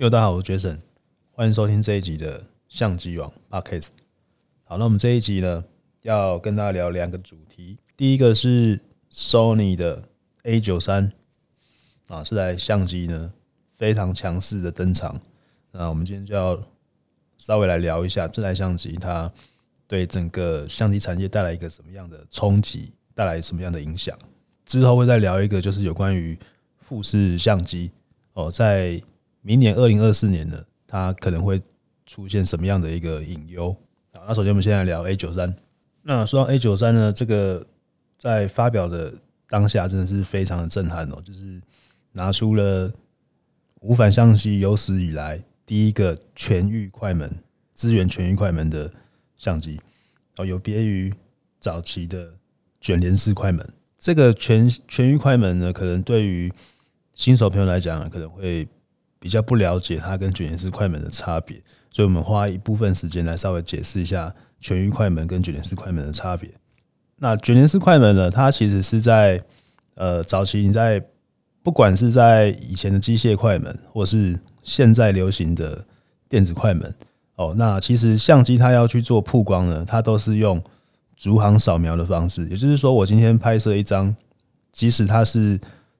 大家好，我是 Jason，歡迎收聽這一集的相機王 Podcast。好，那我們這一集呢，要跟大家聊兩個主題。第一個是 Sony 的 A 九三啊，這台相機呢非常強勢的登場。那我們今天就要稍微來聊一下這台相機它對整個相機產業帶來一個什麼樣的衝擊，帶來什麼樣的影響？之後會再聊一個，就是有關於富士相機哦，在明年二零二四年呢，它可能會出現什麼樣的一個隱憂。好，那首先我們現在來聊 A 九三，那說到 A 九三呢，這個在發表的當下真的是非常的震撼哦，就是拿出了無反相機有史以來第一個全域快門，支援全域快門的相機。哦，有別於早期的捲簾式快門，這個全全域快門呢，可能對於新手朋友來講啊，可能會比較不了解它跟捲簾式快門的差別，所以我們花一部分時間來稍微解釋一下全域快門跟捲簾式快門的差別。那捲簾式快門呢，它其實是在呃早期你在不管是在以前的機械快門，或是現在流行的電子快門。哦，那其實相機它要去做曝光呢，它都是用逐行掃描的方式，也就是說，我今天拍攝一張，即使它是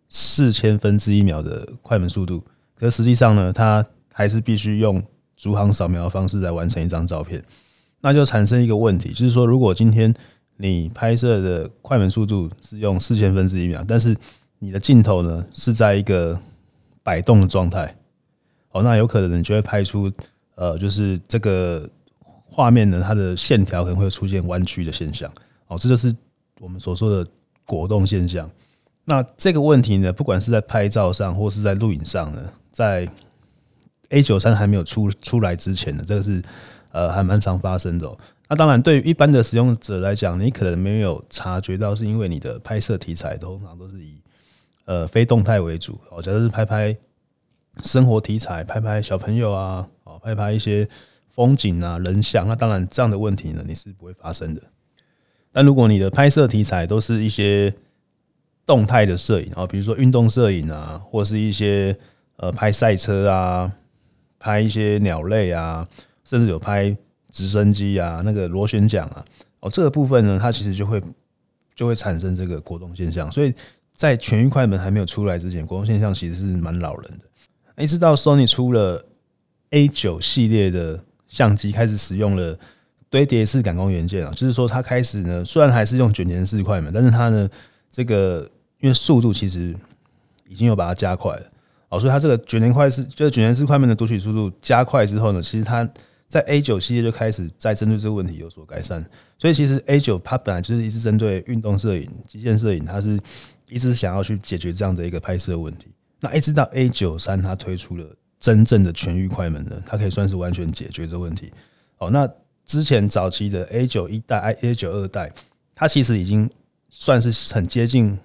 四千分之一秒的快門速度，可實際上呢，它還是必須用逐行掃描的方式來完成一張照片，那就產生一個問題，就是說，如果今天你拍攝的快門速度是用四千分之一秒，但是你的鏡頭呢是在一個擺動的狀態，哦，那有可能你就會拍出。呃，就是這個畫面呢，它的線條可能會出現彎曲的現象，哦，這就是我們所說的果凍現象。那這個問題呢，不管是在拍照上或是在錄影上呢，在 A9 III 還沒有出出來之前呢，這個是呃還蠻常發生的喔。那當然，對於一般的使用者來講，你可能沒有察覺到，是因為你的拍攝題材通常都是以呃非動態為主，或者是拍拍。生活題材，拍拍小朋友啊，拍拍一些風景啊、人像。那當然，這樣的問題呢，你是不會發生的。但如果你的拍攝題材都是一些動態的攝影啊，比如說運動攝影啊，或是一些呃拍賽車啊、拍一些鳥類啊，甚至有拍直升機啊、那個螺旋槳啊。哦，這個部分呢，它其實就會就會產生這個果凍現象。所以在全域快門還沒有出來之前，果凍現象其實是蠻惱人的。一直到 Sony 出了 A 九系列的相機，開始使用了堆疊式感光元件啊，就是說它開始呢，雖然還是用卷簾式快門，但是它呢，這個因為速度其實已經有把它加快了哦，所以它這個卷簾快是就是卷簾式快門的讀取速度加快之後呢，其實它在 A 九系列就開始在針對這個問題有所改善，所以其實 A 九它本來就是一直針對運動攝影、極限攝影，它是一直想要去解決這樣的一個拍攝問題。那一直到 A 九三，它推出了真正的全域快門呢，它可以算是完全解決這個問題。哦，那之前早期的 A 九一代、A A 九二代，它其實已經算是很接近，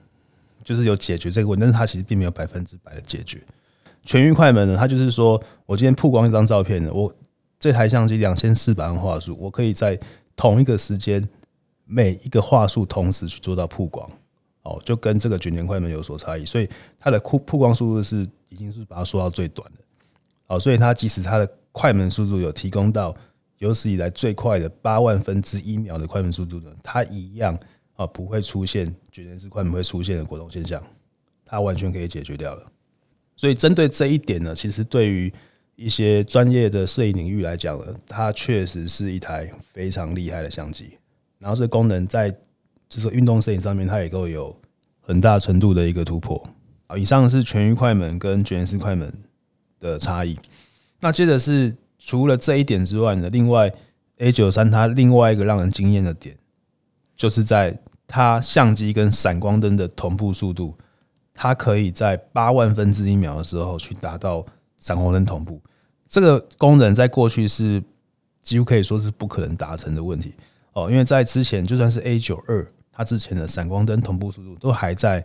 就是有解決這個問題，但是它其實並沒有百分之百的解決。全域快門呢，它就是說我今天曝光一張照片，我這台相機兩千四百萬畫素，我可以在同一個時間每一個畫素同時去做到曝光。哦，就跟這個卷簾快門有所差異，所以它的曝曝光速度是已經是把它縮到最短的。好，所以它即使它的快門速度有提供到有史以來最快的八萬分之一秒的快門速度呢，它一樣啊不會出現卷簾式快門會出現的果凍現象，它完全可以解決掉了。所以針對這一點呢，其實對於一些專業的攝影領域來講呢，它確實是一台非常厲害的相機。然後這個功能在。就是說運動攝影上面，它也都有很大程度的一個突破。好，以上是全域快門跟捲簾式快門的差異。那接着是除了這一點之外呢，另外 A 九三，它另外一個讓人驚豔的點，就是在它相機跟閃光燈的同步速度，它可以在八萬分之一秒的時候去達到閃光燈同步。這個功能在過去是幾乎可以說是不可能達成的問題哦，因為在之前就算是 A 九二。它之前的閃光燈同步速度都還在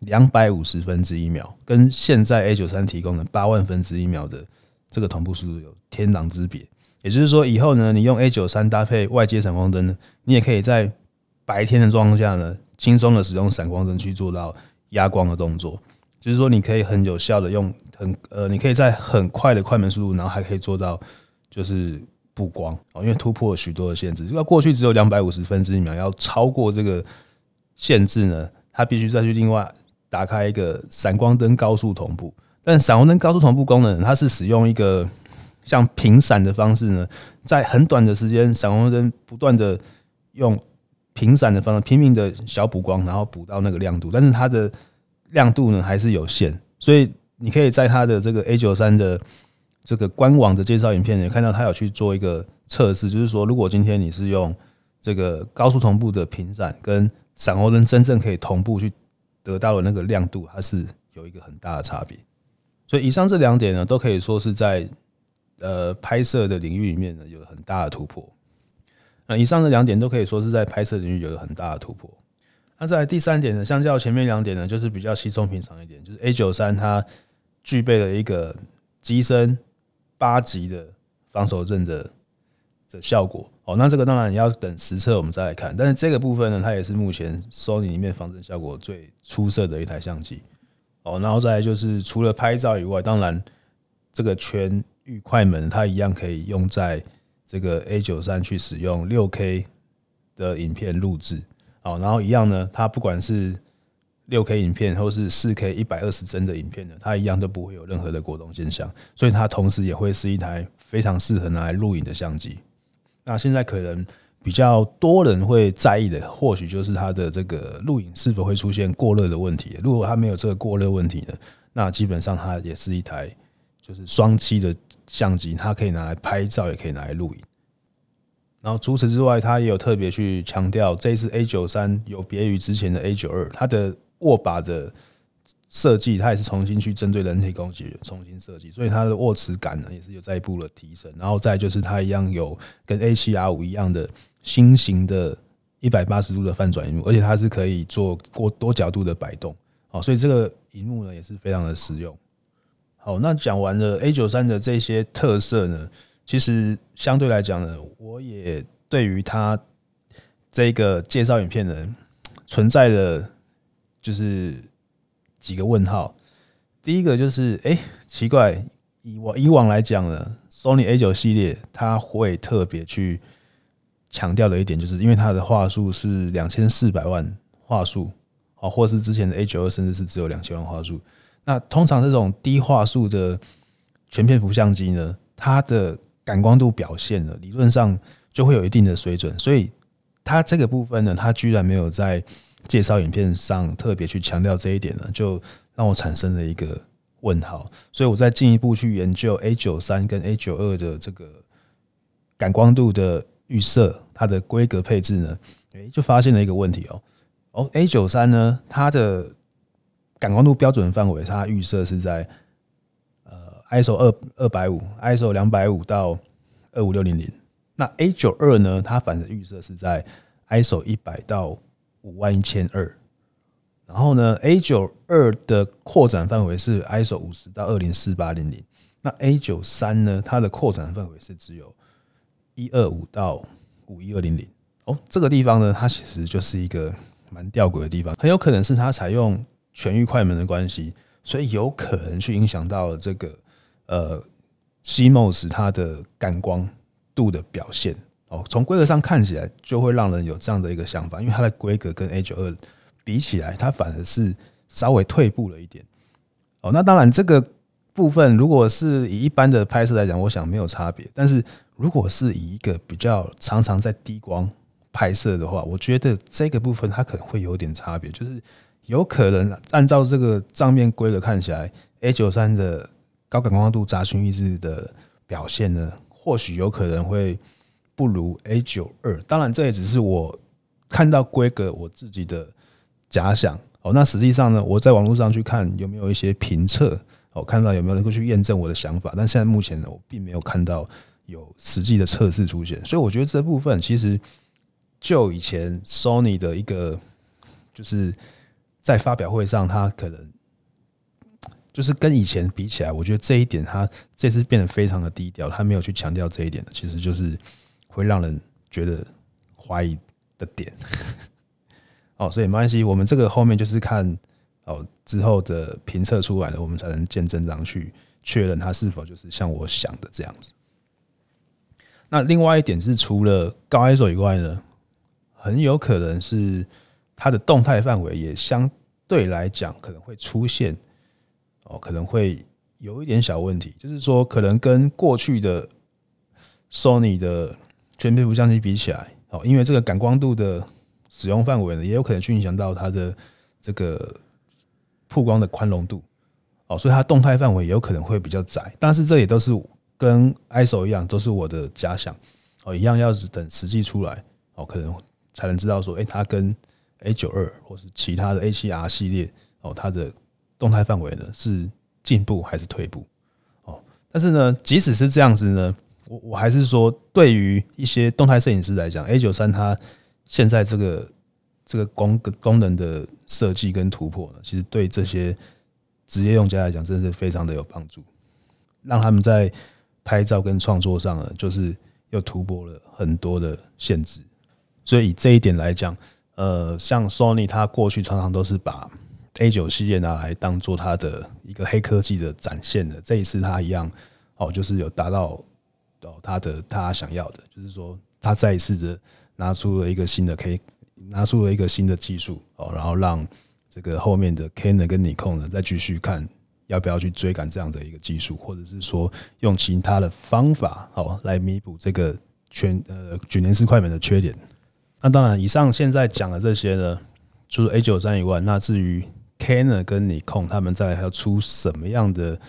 兩百五十分之一秒，跟現在 A 九三提供的八萬分之一秒的這個同步速度有天壤之別。也就是說，以後呢，你用 A 九三搭配外接閃光燈呢，你也可以在白天的狀況下呢，輕鬆的使用閃光燈去做到壓光的動作。就是說，你可以很有效的用很呃，你可以在很快的快門速度，然後還可以做到就是。曝光，因為突破了許多的限制。如果過去只有兩百五十分之一秒，要超過這個限制呢，它必須再去另外打開一個閃光燈高速同步。但閃光燈高速同步功能，它是使用一個像平閃的方式呢，在很短的時間，閃光燈不斷的用平閃的方式拼命的小補光，然後補到那個亮度。但是它的亮度呢還是有限，所以你可以在它的這個 A 九三的這個官網的介紹影片你看到，他有去做一個測試，就是說，如果今天你是用這個高速同步的屏閃跟閃光燈，真正可以同步去得到的那個亮度，它是有一個很大的差別。所以以上這兩點呢，都可以說是在呃拍攝的領域裡面呢，有很大的突破。那以上這兩點都可以說是在拍攝的領域有了很大的突破。那在第三點呢，相較前面兩點呢，就是比較稀鬆平常一點，就是 A 九三它具備了一個機身，八級的防手震的的效果哦，那這個當然你要等實測我們再來看，但是這個部分呢，它也是目前 Sony 裡面防震效果最出色的一台相機哦。然後再來就是除了拍照以外，當然這個全域快門它一樣可以用在這個 A 九三，去使用六 K 的影片錄製哦，然後一樣呢，它不管是六 K 影片或是四 K 一百二十幀的影片呢，它一樣都不會有任何的果凍現象，所以它同時也會是一台非常適合拿來錄影的相機。那現在可能比較多人會在意的，或許就是它的這個錄影是否會出現過熱的問題。如果它沒有這個過熱問題呢，那基本上它也是一台就是雙棲的相機，它可以拿來拍照，也可以拿來錄影。然後除此之外，它也有特別去強調，這次 A 九三有別於之前的 A 九二，它的握把的設計，它也是重新去針對人體工學重新設計，所以它的握持感呢也是有在一步的提升。然後再就是它一樣有跟 A 七 R 五一樣的新型的一百八十度的翻轉熒幕，而且它是可以做過多角度的擺動哦。所以這個熒幕呢也是非常的實用。好，那講完了 A 九三的這些特色呢，其實相對來講呢，我也對於它這個介紹影片呢存在的，就是幾個問號，第一個就是哎、欸，奇怪，以往以往來講呢，Sony A 九系列，它會特別去強調的一點，就是因為它的畫素是兩千四百萬畫素啊，或是之前的 A 九二，甚至是只有兩千萬畫素。那通常這種低畫素的全片幅相機呢，它的感光度表現呢，理論上就會有一定的水準。所以它這個部分呢，它居然沒有在。介紹影片上特別去強調這一點呢，就讓我產生了一個問號，所以我再進一步去研究 A 九三跟 A 九二的這個感光度的預設，它的規格配置呢，誒，就發現了一個問題哦。哦，A 九三呢，它的感光度標準範圍，它預設是在呃 IS ISO 二二百五，ISO 兩百五到二五六零零。那 A 九二呢，它反正預設是在 ISO 一百到。五萬一千二，然後呢，A 九二的擴展範圍是 ISO 五十到二零四八零零，那 A 九三呢？它的擴展範圍是只有一二五到五一二零零。哦，這個地方呢，它其實就是一個蠻弔詭的地方，很有可能是它採用全域快門的關係，所以有可能去影響到了這個呃 CMOS 它的感光度的表現。哦，從規格上看起來就會讓人有這樣的一個想法，因為它的規格跟 A 九二比起來，它反而是稍微退步了一點。哦，那當然這個部分如果是以一般的拍攝來講，我想沒有差別。但是如果是以一個比較常常在低光拍攝的話，我覺得這個部分它可能會有點差別，就是有可能按照這個賬面規格看起來，A 九三的高感光度、雜訊抑制的表現呢，或許有可能會。不如 A 九二，當然這也只是我看到規格我自己的假想哦。那實際上呢，我在網絡上去看有沒有一些評測哦，看到有沒有人會去驗證我的想法。但現在目前呢，我並沒有看到有實際的測試出現，所以我覺得這部分其實就以前 Sony 的一個就是在發表會上，他可能就是跟以前比起來，我覺得這一點他這次變得非常的低調，他沒有去強調這一點的，其實就是。會讓人覺得懷疑的點哦，所以沒關係，我們這個後面就是看哦之後的評測出來的，我們才能見真章去確認它是否就是像我想的這樣子。那另外一點是，除了高 ISO 以外呢，很有可能是它的動態範圍也相對來講可能會出現哦，可能會有一點小問題，就是說可能跟過去的 Sony 的。全片幅相機比起來，哦，因為這個感光度的使用範圍呢，也有可能去影響到它的這個曝光的寬容度，哦，所以它動態範圍也有可能會比較窄。但是這也都是跟 ISO 一樣，都是我的假想，哦，一樣要等實際出來，哦，可能才能知道說，誒，它跟 A 九二，或是其他的 A 七 R 系列，哦，它的動態範圍呢是進步還是退步？哦，但是呢，即使是這樣子呢。我我還是說，對於一些動態攝影師來講，A 九三它現在這個這個功功能的設計跟突破呢，其實對這些職業用家來講，真的是非常的有幫助，讓他們在拍照跟創作上呢，就是又突破了很多的限制。所以，以這一點來講，呃，像 Sony 它過去常常都是把 A 九系列拿來當做它的一個黑科技的展現的，這一次它一樣哦，就是有達到。到他的他想要的就是說，他再一次的拿出了一個新的，K，拿出了一個新的技術哦，然後讓這個後面的 Canon 跟尼康呢，再繼續看要不要去追趕這樣的一個技術，或者是說用其他的方法哦來彌補這個全呃卷簾式快門的缺點。那當然，以上現在講的這些呢，除了 A 九三以外，那至於 Canon 跟尼康他們再來要出什麼樣的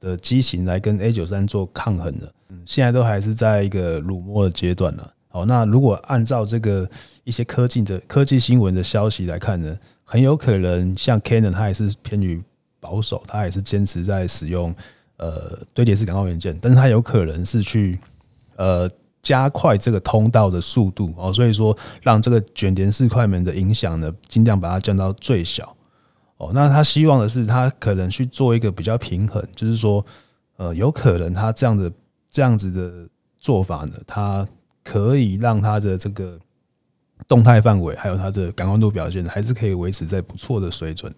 的機型來跟 A 九三做抗衡呢？嗯，現在都還是在一個辱沒的階段呢。好，那如果按照這個一些科技的科技新聞的消息來看呢，很有可能像 Canon 它也是偏於保守，它也是堅持在使用呃堆疊式感光元件，但是它有可能是去呃加快這個通道的速度哦，所以說讓這個卷簾式快門的影響呢，儘量把它降到最小哦。那他希望的是，他可能去做一個比較平衡，就是說呃，有可能他這樣的。這樣子的做法呢，它可以讓它的這個動態範圍還有它的感光度表現還是可以維持在不錯的水準，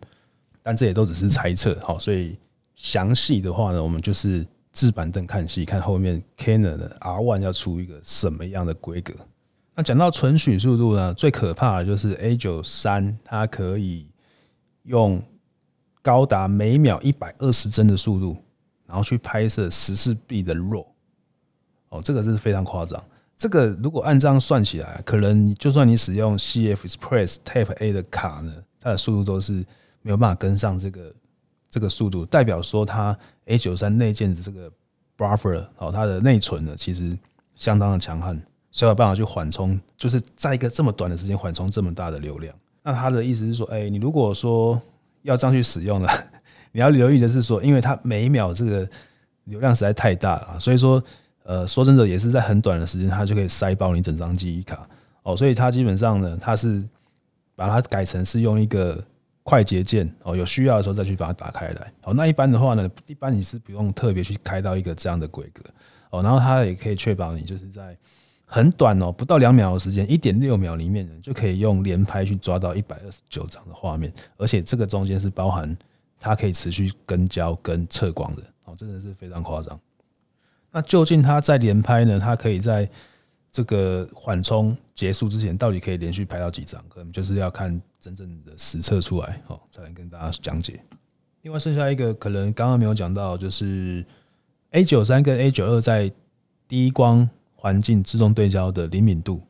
但這也都只是猜測。好，所以詳細的話呢，我們就是坐板凳看戲，看後面 Canon 的 R One 要出一個什麼樣的規格。那講到存取速度呢，最可怕的就是 A 九三，它可以用高達每秒一百二十幀的速度，然後去拍攝十四 B 的 RAW。哦，這個真是非常誇張。這個如果按這樣算起來，可能就算你使用 C F Express Type A 的卡呢，它的速度都是沒有辦法跟上這個這個速度。代表說它 A 九三內建的這個 Buffer 它的內存呢，其實相當的強悍，所以有辦法去緩衝，就是在一個這麼短的時間緩衝這麼大的流量。那它的意思是說，哎，你如果說要這樣去使用呢， 你要留意的是說，因為它每秒這個流量實在太大了，所以說。呃，說真的，也是在很短的時間，它就可以塞爆你整張記憶卡哦。所以它基本上呢，它是把它改成是用一個快捷鍵哦，有需要的時候再去把它打開來哦。那一般的話呢，一般你是不用特別去開到一個這樣的規格哦。然後它也可以確保你就是在很短哦，不到兩秒的時間，一點六秒裡面就可以用連拍去抓到一百二十九張的畫面，而且這個中間是包含它可以持續跟焦跟測光的哦，真的是非常誇張。那究竟它在連拍呢？它可以在這個緩衝結束之前，到底可以連續拍到幾張？可能就是要看真正的實測出來，哦，才能跟大家講解。另外，剩下一個可能剛剛沒有講到，就是 A 九三跟 A 九二在低光環境自動對焦的靈敏度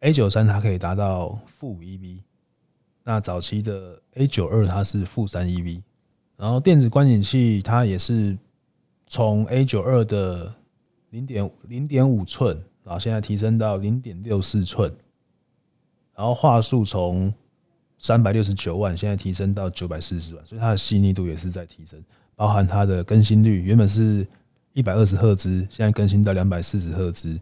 ，A 九三它可以達到負五 EV，那早期的 A 九二它是負三 EV，然後電子觀景器它也是。從 A 九二的零點零點五吋啊，現在提升到零點六四吋，然後畫素從三百六十九萬，現在提升到九百四十萬，所以它的細膩度也是在提升，包含它的更新率，原本是一百二十赫茲，現在更新到兩百四十赫茲，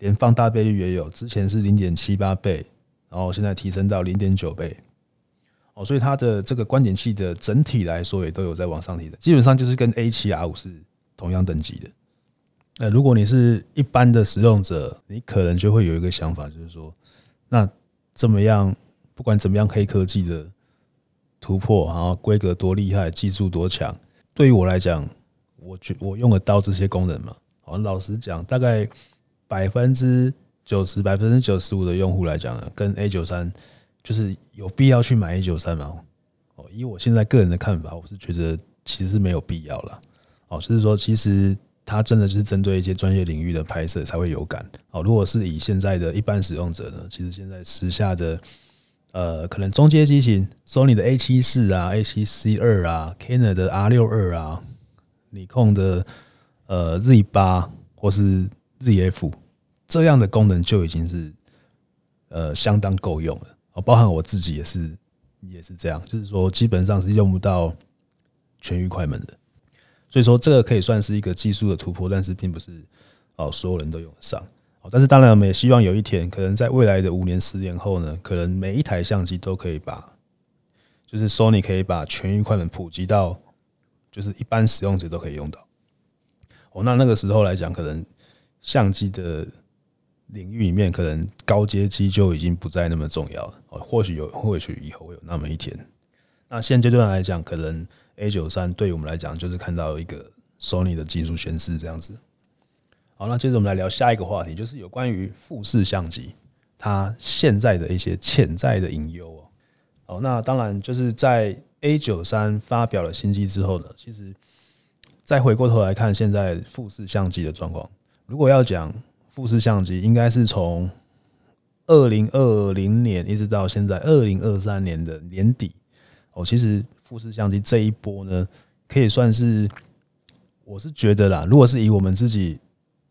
連放大倍率也有，之前是零點七八倍，然後現在提升到零點九倍，哦，所以它的這個觀點器的整體來說也都有在往上提的，基本上就是跟 A 七 R 五是。同樣等級的，那如果你是一般的使用者，你可能就會有一個想法，就是說，那怎麼樣？不管怎麼樣，黑科技的突破，然後規格多厲害，技術多強，對於我來講，我覺我用得到這些功能嘛？我老實講，大概百分之九十、百分之九十五的用戶來講呢，跟 A 九三就是有必要去買 A 九三嗎？哦，以我現在個人的看法，我是覺得其實是沒有必要了。哦，就是說，其實它真的就是針對一些專業領域的拍攝才會有感。哦，如果是以現在的一般使用者呢，其實現在時下的呃，可能中階機型，Sony 的 A 七四啊、A 七 C 二啊、Canon 的 R 六二啊、尼康的呃 Z 八或是 ZF 這樣的功能就已經是呃相當夠用了。哦，包含我自己也是也是這樣，就是說基本上是用不到全域快門的。所以說，這個可以算是一個技術的突破，但是並不是哦，所有人都用得上哦。但是當然，我們也希望有一天，可能在未來的五年、十年後呢，可能每一台相機都可以把，就是索尼可以把全域快門普及到，就是一般使用者都可以用到。哦，那那個時候來講，可能相機的領域裡面，可能高階機就已經不再那麼重要了。哦，或許有，或許以後會有那麼一天。那現階段來講，可能。A 九三對我們來講，就是看到一個索尼的技術宣示這樣子。好，那接着我們來聊下一個話題，就是有關於富士相機它現在的一些潛在的隱憂哦。好，那當然就是在 A 九三發表了新機之後呢，其實再回過頭來看現在富士相機的狀況，如果要講富士相機，應該是從二零二零年一直到現在二零二三年的年底哦，其實。富士相機這一波呢，可以算是，我是覺得啦，如果是以我們自己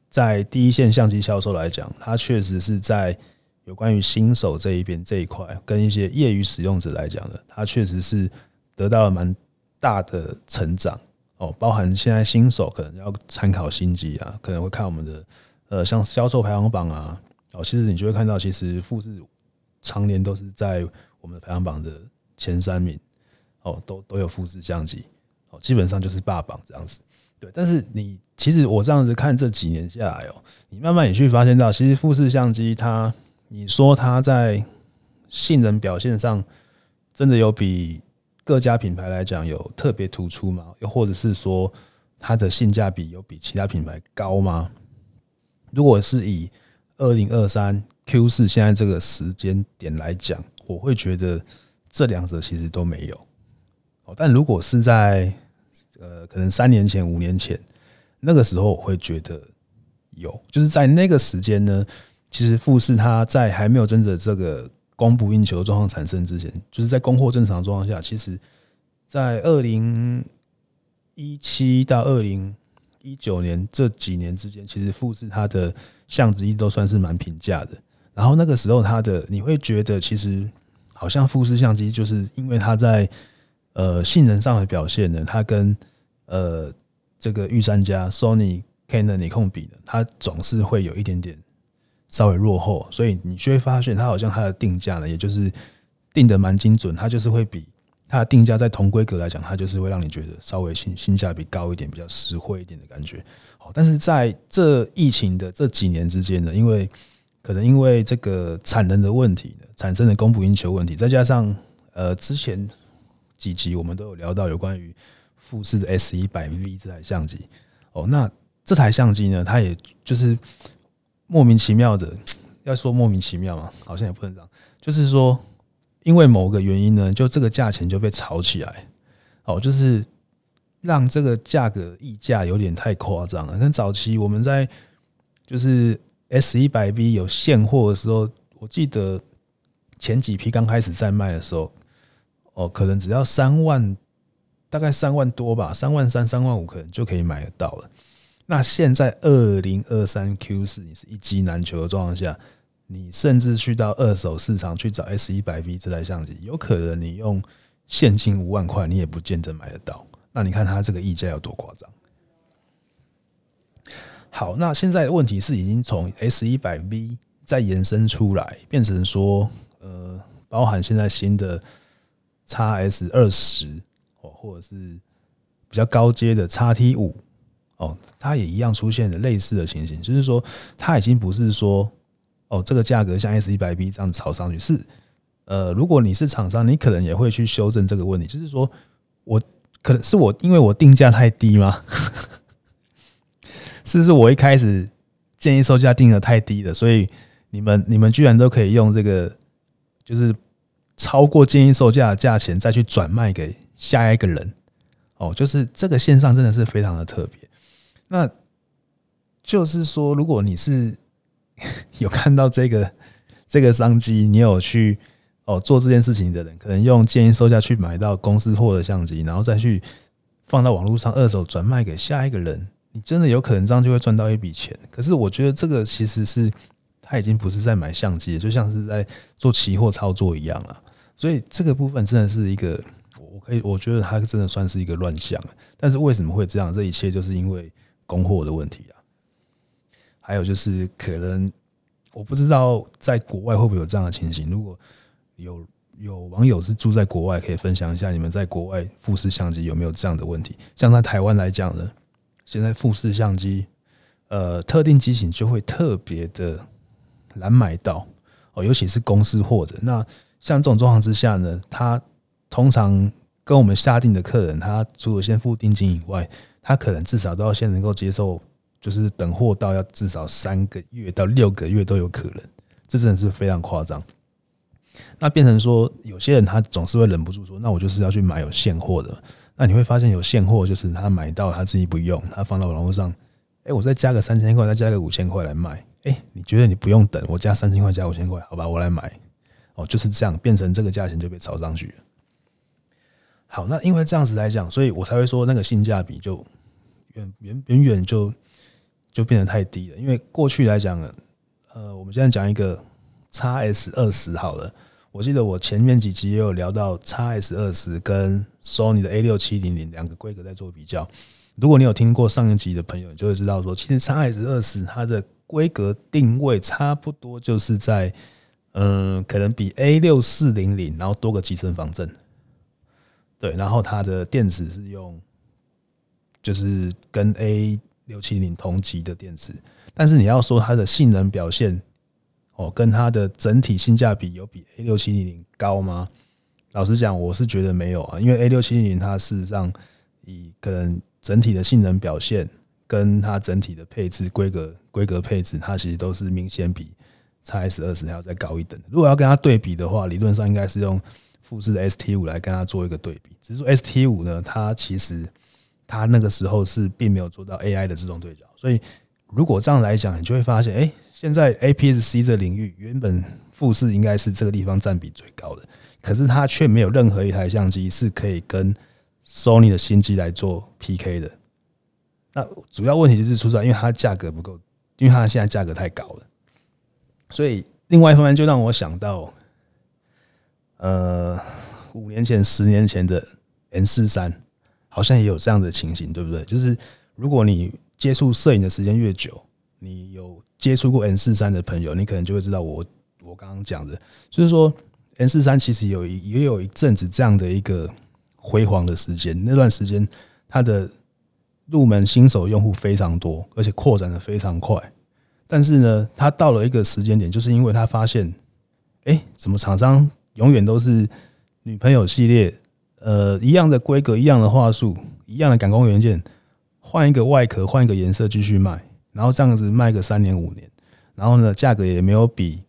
在第一線相機銷售來講，它確實是在有關於新手這一邊這一塊，跟一些業餘使用者來講的，它確實是得到了蠻大的成長哦。包含現在新手可能要參考新機啊，可能會看我們的呃，像銷售排行榜啊，哦，其實你就會看到，其實富士常年都是在我們的排行榜的前三名。哦，都都有富士相機，哦，基本上就是霸榜這樣子。對，但是你其實我這樣子看這幾年下來哦，你慢慢也去發現到，其實富士相機它，你說它在性能表現上真的有比各家品牌來講有特別突出嗎？又或者是說它的性價比有比其他品牌高嗎？如果是以2023 Q4 現在這個時間點來講，我會覺得這兩者其實都沒有。哦，但如果是在呃，可能三年前、五年前那個時候，我會覺得有，就是在那個時間呢，其實富士它在還沒有真的這個供不應求狀況產生之前，就是在供貨正常狀況下，其實，在二零一七到二零一九年這幾年之間，其實富士它的相機都算是蠻平價的。然後那個時候，它的你會覺得其實好像富士相機，就是因為它在呃，性能上的表現呢，它跟呃這個御三家 Sony、Canon、Nikon 比呢，它總是會有一點點稍微落後。所以你就會發現，它好像它的定價呢，也就是定得蠻精準，它就是會比它的定價在同規格來講，它就是會讓你覺得稍微性性價比高一點，比較實惠一點的感覺。好，但是在這疫情的這幾年之間呢，因為可能因為這個產能的問題呢，產生了供不應求問題，再加上呃之前。幾集我們都有聊到有關於富士的 S 一百 V 這台相機哦，那這台相機呢，它也就是莫名其妙的，要說莫名其妙嘛，好像也不能講，就是說因為某個原因呢，就這個價錢就被炒起來哦，就是讓這個價格溢價有點太誇張了。跟早期我們在就是 S 一百 V 有現貨的時候，我記得前幾批剛開始在賣的時候。哦，可能只要三萬，大概三萬多吧，三萬三、三萬五可能就可以買得到了。那現在二零二三 Q 四，你是一機難求的狀況下，你甚至去到二手市場去找 S 一百 V 這台相機，有可能你用現金五萬塊，你也不見得買得到。那你看它這個溢價有多誇張？好，那現在的問題是，已經從 S 一百 V 再延伸出來，變成說，呃，包含現在新的。S X S 二十哦，或者是比較高階的 X T 五哦，它也一樣出現了類似的情形，就是說它已經不是說哦這個價格像 S 一百 B 這樣炒上去，是呃，如果你是廠商，你可能也會去修正這個問題，就是說我可能是我因為我定價太低嗎？ 是不是我一開始建議售價定的太低了，所以你們你們居然都可以用這個，就是。超過建議售價的價錢，再去轉賣給下一個人，哦，就是這個線上真的是非常的特別。那就是說，如果你是有看到這個這個商機，你有去哦做這件事情的人，可能用建議售價去買到公司貨的相機，然後再去放到網絡上二手轉賣給下一個人，你真的有可能這樣就會賺到一筆錢。可是我覺得這個其實是他已經不是在買相機，就像是在做期貨操作一樣了。所以這個部分真的是一個，我可以我覺得它真的算是一個亂象。但是為什麼會這樣？這一切就是因為供貨的問題啊。還有就是，可能我不知道在國外會不會有這樣的情形。如果有有網友是住在國外，可以分享一下你們在國外富士相機有沒有這樣的問題？像在台灣來講呢，現在富士相機呃特定機型就會特別的難買到哦，尤其是公司貨的那。像這種狀況之下呢，他通常跟我們下訂的客人，他除了先付定金以外，他可能至少都要先能夠接受，就是等貨到要至少三個月到六個月都有可能，這真的是非常誇張。那變成說，有些人他總是會忍不住說：“那我就是要去買有現貨的。”那你會發現有現貨，就是他買到他自己不用，他放到網絡上，哎，我再加個三千塊，再加個五千塊來賣。哎，你覺得你不用等，我加三千塊加五千塊，好吧，我來買。哦，就是這樣，變成這個價錢就被炒上去了。好，那因為這樣子來講，所以我才會說那個性價比就遠遠遠遠就就變得太低了。因為過去來講，呃，我們現在講一個 X S 二十好了，我記得我前面幾集也有聊到 X S 二十跟 Sony 的 A 六七零零兩個規格在做比較。如果你有聽過上一集的朋友，你就會知道說，其實 X S 二十它的規格定位差不多就是在。嗯，可能比 A 六四零零，然後多個機身防震，對，然後它的電池是用，就是跟 A 六七零同級的電池，但是你要說它的性能表現，哦，跟它的整體性價比有比 A 六七零零高嗎？老實講，我是覺得沒有啊，因為 A 六七零零它事實上以可能整體的性能表現，跟它整體的配置規格規格配置，它其實都是明顯比。XS 二十還要再高一等。如果要跟它對比的話，理論上應該是用富士的 ST 五來跟它做一個對比。只是說 ST 五呢，它其實它那個時候是並沒有做到 AI 的自動對焦，所以如果這樣來講，你就會發現，哎，現在 APS-C 這個領域原本富士應該是這個地方占比最高的，可是它卻沒有任何一台相機是可以跟 Sony 的新機來做 PK 的。那主要問題就是出在因為它價格不夠，因為它現在價格太高了。所以，另外一方面就讓我想到，呃，五年前、十年前的 M 四三好像也有這樣的情形，對不對？就是如果你接觸攝影的時間越久，你有接觸過 M 四三的朋友，你可能就會知道我我剛剛講的，就是說 M 四三其實有也有一陣子這樣的一個輝煌的時間，那段時間它的入門新手用戶非常多，而且擴展得非常快。但是呢，他到了一個時間點，就是因為他發現，哎，怎麼廠商永遠都是女朋友系列，呃，一樣的規格、一樣的話術、一樣的感光元件，換一個外殼、換一個顏色繼續賣，然後這樣子賣個三年五年，然後呢，價格也沒有比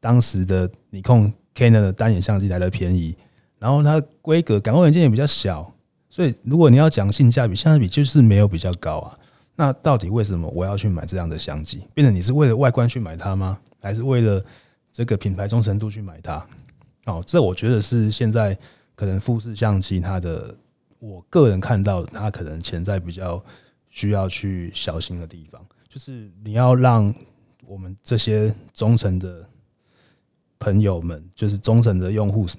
當時的尼康、Canon 的單眼相機來的便宜，然後它規格、感光元件也比較小，所以如果你要講性價比、性價比就是沒有比較高啊。那到底為什麼我要去買這樣的相機？變成你是為了外觀去買它嗎？還是為了這個品牌忠誠度去買它？哦，這我覺得是現在可能富士相機它的，我個人看到它可能潛在比較需要去小心的地方，就是你要讓我們這些忠誠的朋友們，就是忠誠的用戶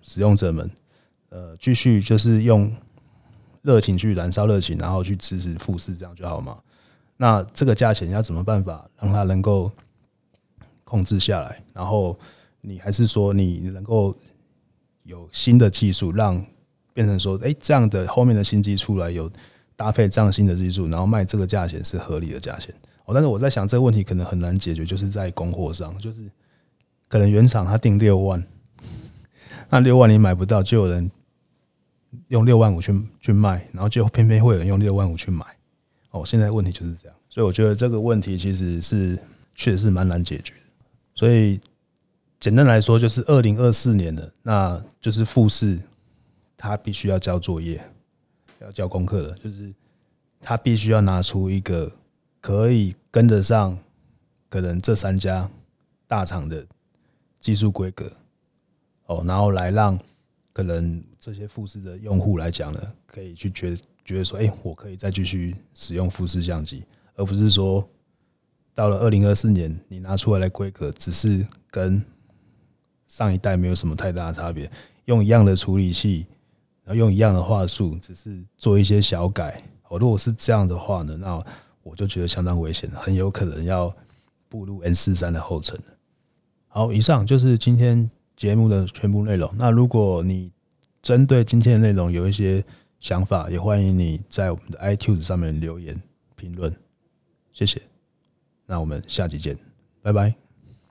使用者們，呃，繼續就是用。熱情去燃燒熱情，然後去支持富士。這樣就好嘛。那這個價錢要怎麼辦法讓它能夠控制下來？然後你還是說你能夠有新的技術，讓變成說，誒、欸、這樣的後面的新機出來有搭配這樣新的技術，然後賣這個價錢是合理的價錢。哦，但是我在想這個問題可能很難解決，就是在供貨上，就是可能原廠他訂六萬，那六萬你買不到，就有人。用六萬五去去賣，然後就偏偏會有人用六萬五去買。哦，現在問題就是這樣，所以我覺得這個問題其實是確實是蠻難解決，所以簡單來說就是二零二四年了，那就是富士他必須要交作業，要交功課了，就是他必須要拿出一個可以跟得上可能這三家大廠的技術規格，哦，然後來讓可能。這些富士的用戶來講呢，可以去覺覺得說，哎，我可以再繼續使用富士相機，而不是說到了二零二四年，你拿出來的規格只是跟上一代沒有什麼太大的差別，用一樣的處理器，然後用一樣的話術，只是做一些小改。我如果是這樣的話呢，那我就覺得相當危險，很有可能要步入 N 四三的後塵了。好，以上就是今天節目的全部內容。那如果你針對今天的內容，有一些想法，也歡迎你在我們的 iTunes 上面留言評論，謝謝。那我們下集見，拜拜。